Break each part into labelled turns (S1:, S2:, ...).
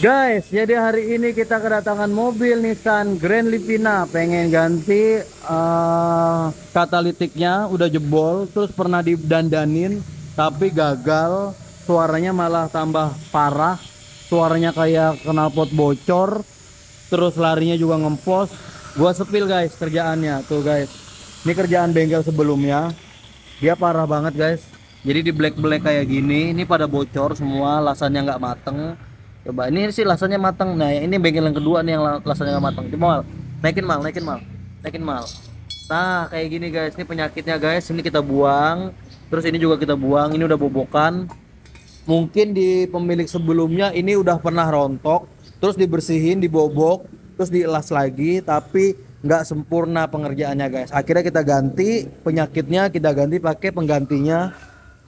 S1: Guys, jadi hari ini kita kedatangan mobil Nissan Grand Livina. Pengen ganti uh, katalitiknya, udah jebol, terus pernah didandanin, tapi gagal. Suaranya malah tambah parah. Suaranya kayak knalpot bocor, terus larinya juga ngempos. Gua sepil guys kerjaannya, tuh guys. Ini kerjaan bengkel sebelumnya. Dia parah banget guys. Jadi di black black kayak gini, ini pada bocor semua, lasannya nggak mateng coba ini sih lasannya matang nah ini bengkel yang kedua nih yang lasannya gak matang coba mal naikin mal naikin mal naikin mal nah kayak gini guys ini penyakitnya guys ini kita buang terus ini juga kita buang ini udah bobokan mungkin di pemilik sebelumnya ini udah pernah rontok terus dibersihin dibobok terus dielas lagi tapi nggak sempurna pengerjaannya guys akhirnya kita ganti penyakitnya kita ganti pakai penggantinya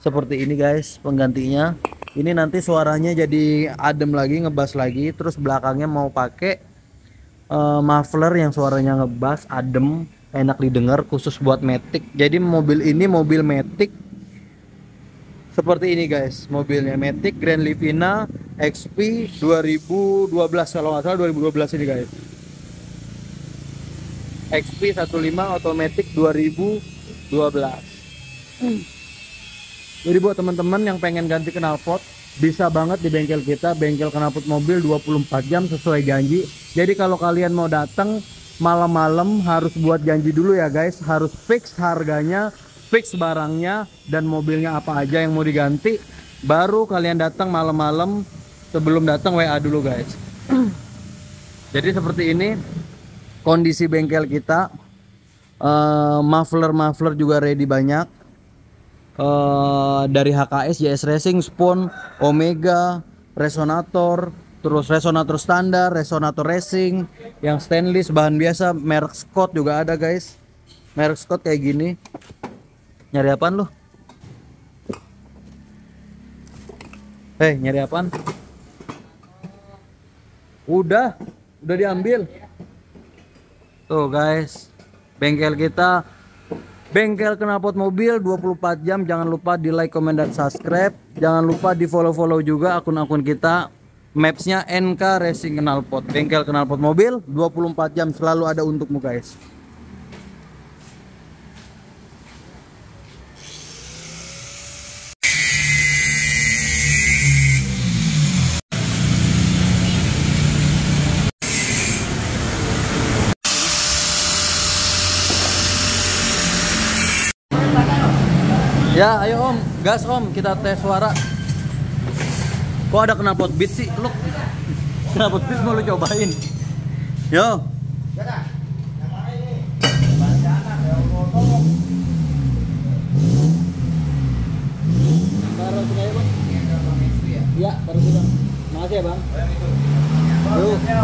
S1: seperti ini guys penggantinya ini nanti suaranya jadi adem lagi ngebas lagi terus belakangnya mau pakai uh, muffler yang suaranya ngebas adem enak didengar khusus buat Matic jadi mobil ini mobil Matic seperti ini guys mobilnya Matic Grand Livina XP 2012 kalau nggak salah 2012 ini guys XP 15 automatic 2012 jadi buat teman-teman yang pengen ganti knalpot, bisa banget di bengkel kita, bengkel knalpot mobil 24 jam sesuai janji. Jadi kalau kalian mau datang malam-malam harus buat janji dulu ya guys, harus fix harganya, fix barangnya dan mobilnya apa aja yang mau diganti. Baru kalian datang malam-malam sebelum datang WA dulu guys. Jadi seperti ini kondisi bengkel kita. Uh, eh, muffler muffler juga ready banyak uh, dari HKS JS Racing, Spoon, Omega, Resonator, terus resonator standar, resonator racing, yang stainless bahan biasa, merek Scott juga ada guys. Merek Scott kayak gini. Nyari apaan lu? Hei, nyari apaan? Udah, udah diambil. Tuh guys, bengkel kita Bengkel Kenalpot Mobil 24 jam. Jangan lupa di like, comment, dan subscribe. Jangan lupa di follow-follow juga akun-akun kita. Mapsnya NK Racing Kenalpot. Bengkel Kenalpot Mobil 24 jam selalu ada untukmu guys. Ya, ayo Om, gas Om, kita tes suara. Kok ada knalpot beat sih? Lu knalpot beat mau lu cobain? Yo. Ya, ya, baru Makasih ya, Bang. Yo.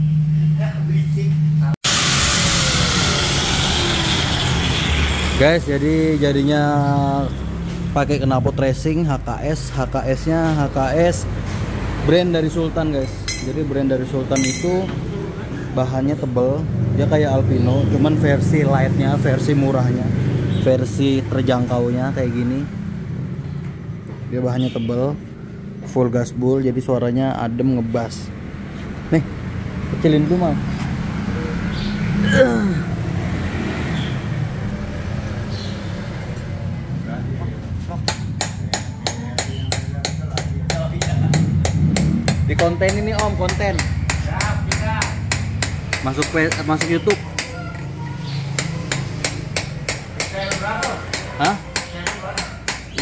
S1: guys jadi jadinya pakai knalpot racing HKS HKS nya HKS brand dari Sultan guys jadi brand dari Sultan itu bahannya tebel dia kayak Alpino cuman versi lightnya versi murahnya versi terjangkaunya kayak gini dia bahannya tebel full gas bull jadi suaranya adem ngebas nih kecilin tuh mal konten ini om konten Siap, bisa. masuk masuk YouTube Hah?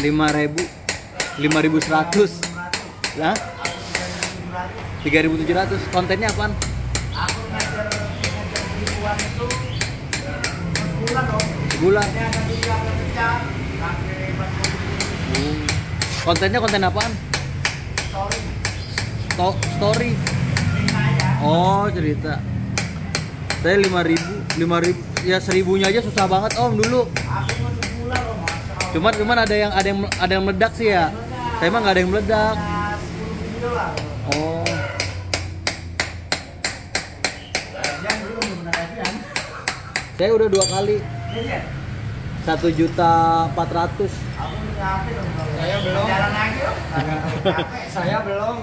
S1: 5000 5100 lima ribu lah tiga kontennya apa? aku ngajar ribuan itu sebulan dong hmm. sebulan kontennya konten apaan story sto story oh cerita saya lima ribu lima ribu ya seribunya aja susah banget om dulu cuman cuman ada yang ada yang ada yang meledak sih ya saya emang nggak ada yang meledak oh saya udah dua kali satu juta empat ratus saya belum saya belum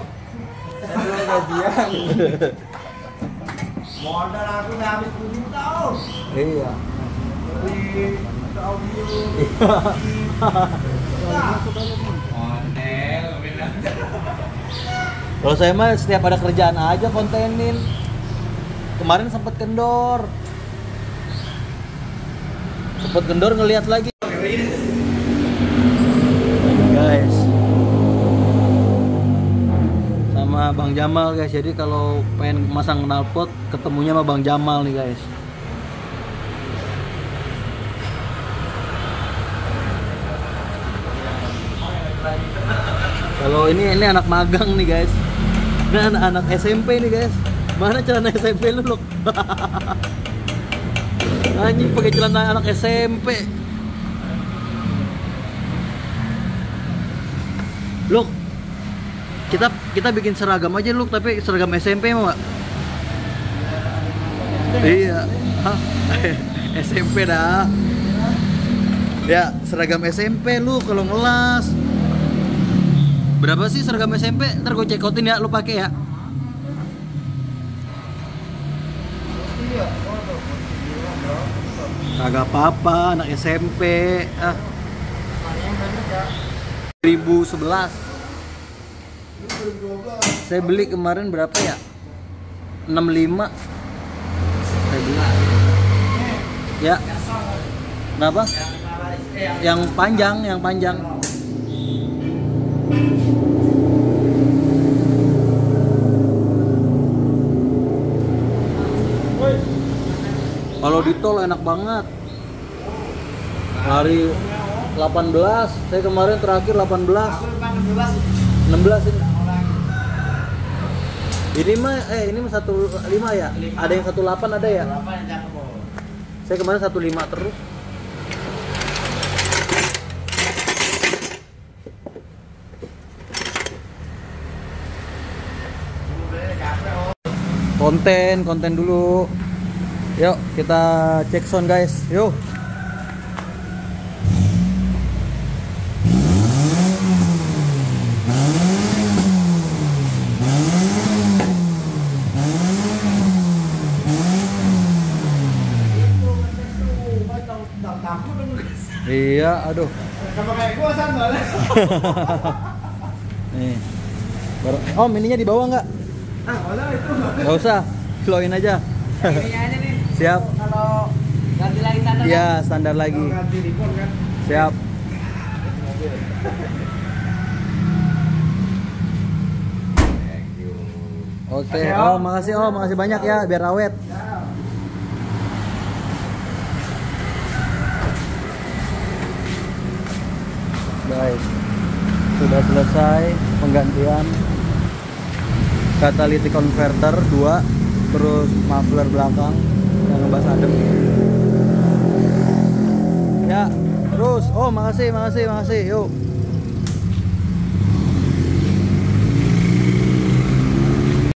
S1: belum gajian modal aku udah habis tujuh tahun iya kalau saya mah setiap ada kerjaan aja kontenin. Kemarin sempet kendor. sempet kendor ngelihat lagi. Bang Jamal guys. Jadi kalau pengen masang knalpot ketemunya sama Bang Jamal nih guys. Kalau ini ini anak magang nih guys. Ini anak, anak SMP nih guys. Mana celana SMP lu, Lok? Anjing pakai celana anak SMP. Look, kita kita bikin seragam aja lu tapi seragam SMP mau nggak iya Hah? SMP dah ya seragam SMP lu kalau ngelas berapa sih seragam SMP ntar gue cekotin ya lu pakai ya agak apa-apa anak SMP ah 2011 saya beli kemarin berapa ya? 65. Saya beli. Ya. Kenapa? Yang panjang, yang panjang. Kalau di tol enak banget. Hari 18, saya kemarin terakhir 18. 16 ini. Ini mah eh ini mah satu lima ya. Lima. Ada yang satu delapan ada ya. yang Saya kemarin satu lima terus. konten konten dulu yuk kita cek sound guys yuk aduh sama kayak gua sandal nih baru oh mininya di bawah nggak ah itu nggak usah keluarin aja mininya aja nih siap kalau ganti lagi standar ya standar lagi siap Oke, okay. oh makasih oh makasih banyak ya biar awet. guys sudah selesai penggantian catalytic converter 2 terus muffler belakang yang ngebas adem ya terus oh makasih makasih makasih yuk